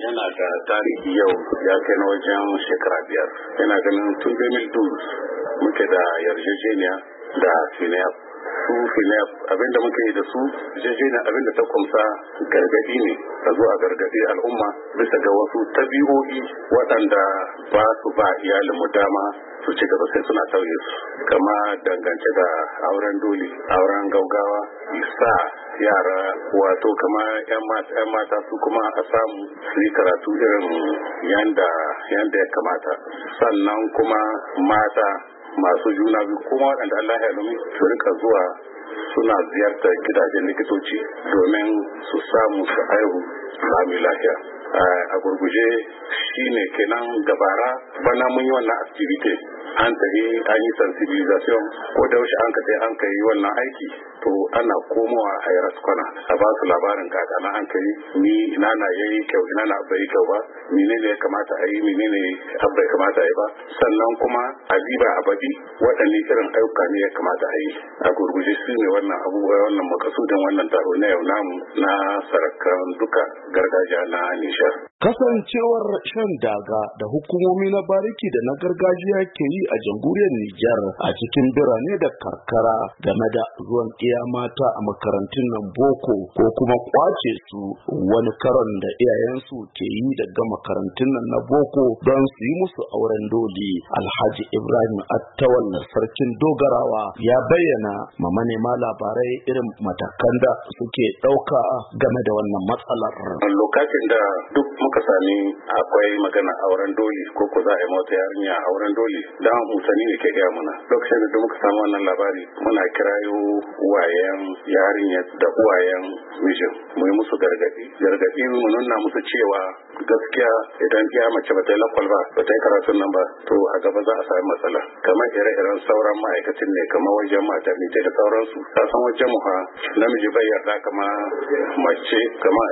yana da tarihi yau ya kai na wajen shekara biyar yana ganin tun 2012 muke da yarjejeniya da sinayar su filaf abinda muke da su jejeniya abinda ta kumsa gargadi ne ta zuwa gargadi al'umma bisa ga wasu tabi'o'i waɗanda ba su ba iyalinmu dama su ci gaba sai suna tauye su kama dangance da auren doli auren gaugawa sa yara wato kama yan mata su kuma a samu su yi karatu irin yanda ya kamata sannan kuma mata masu juna biyu kuma waɗanda Allah ya lumi su rika zuwa suna ziyartar gidajen likitoci domin su samu su haihu sami lafiya a gurguje shine kenan gabara bana mun yi wannan activity an tafi an yi sensibilization ko da yaushe an ka an kai wannan aiki to ana komowa a yaras kwana a ba su labarin na an kai ni ina na yayi kyau ina na bai kyau ba menene ya kamata a yi menene kamata a yi ba sannan kuma a diba a badi waɗanne irin ayyuka ne ya kamata a yi a gurguje su ne wannan abubuwa wannan makasudin wannan taro na yau namu na sarakan duka gargajiya na nishar kasancewar shan daga da hukumomi na bariki da na gargajiya ke yi a jamhuriyar Nijar a cikin birane da karkara game da ruwan iya mata a makarantun nan boko ko kuma kwace su wani karon da iyayensu ke yi daga makarantun nan na boko don su yi musu auren doli alhaji ibrahim attawal na sarkin dogarawa ya bayyana ma manema labarai irin matakan da suke ɗauka game da wannan matsalar lokacin da duk muka sami akwai magana auren doli ko ku za a yi mota yarinya auren doli dan mutane ne ke gaya muna. lokacin da muka samu wannan labari muna kirayo uwayen yarinya da uwayen mijin mu yi musu gargadi gargaɗi mu nuna musu cewa gaskiya idan ya mace ba ta yi lakwal ba ba ta yi karatun nan ba to a gaba za a sami matsala kamar ire-iren sauran ma'aikacin ne kamar wajen mata ne da sauransu ta san wajen ha namiji bai yarda kama mace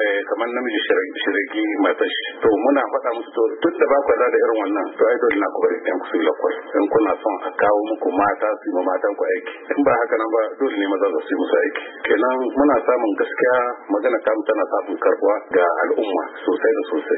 eh, kamar namiji shirgi mata shi to muna faɗa musu to duk da ba ku da irin wannan to ai dole na ku bari ku su yi lakwal in kuna son a kawo muku mata su yi ma matan ku aiki in ba haka nan ba dole ne maza su yi musu aiki kenan muna samun gaskiya magana kamu tana samun karbuwa ga al'umma sosai da sosai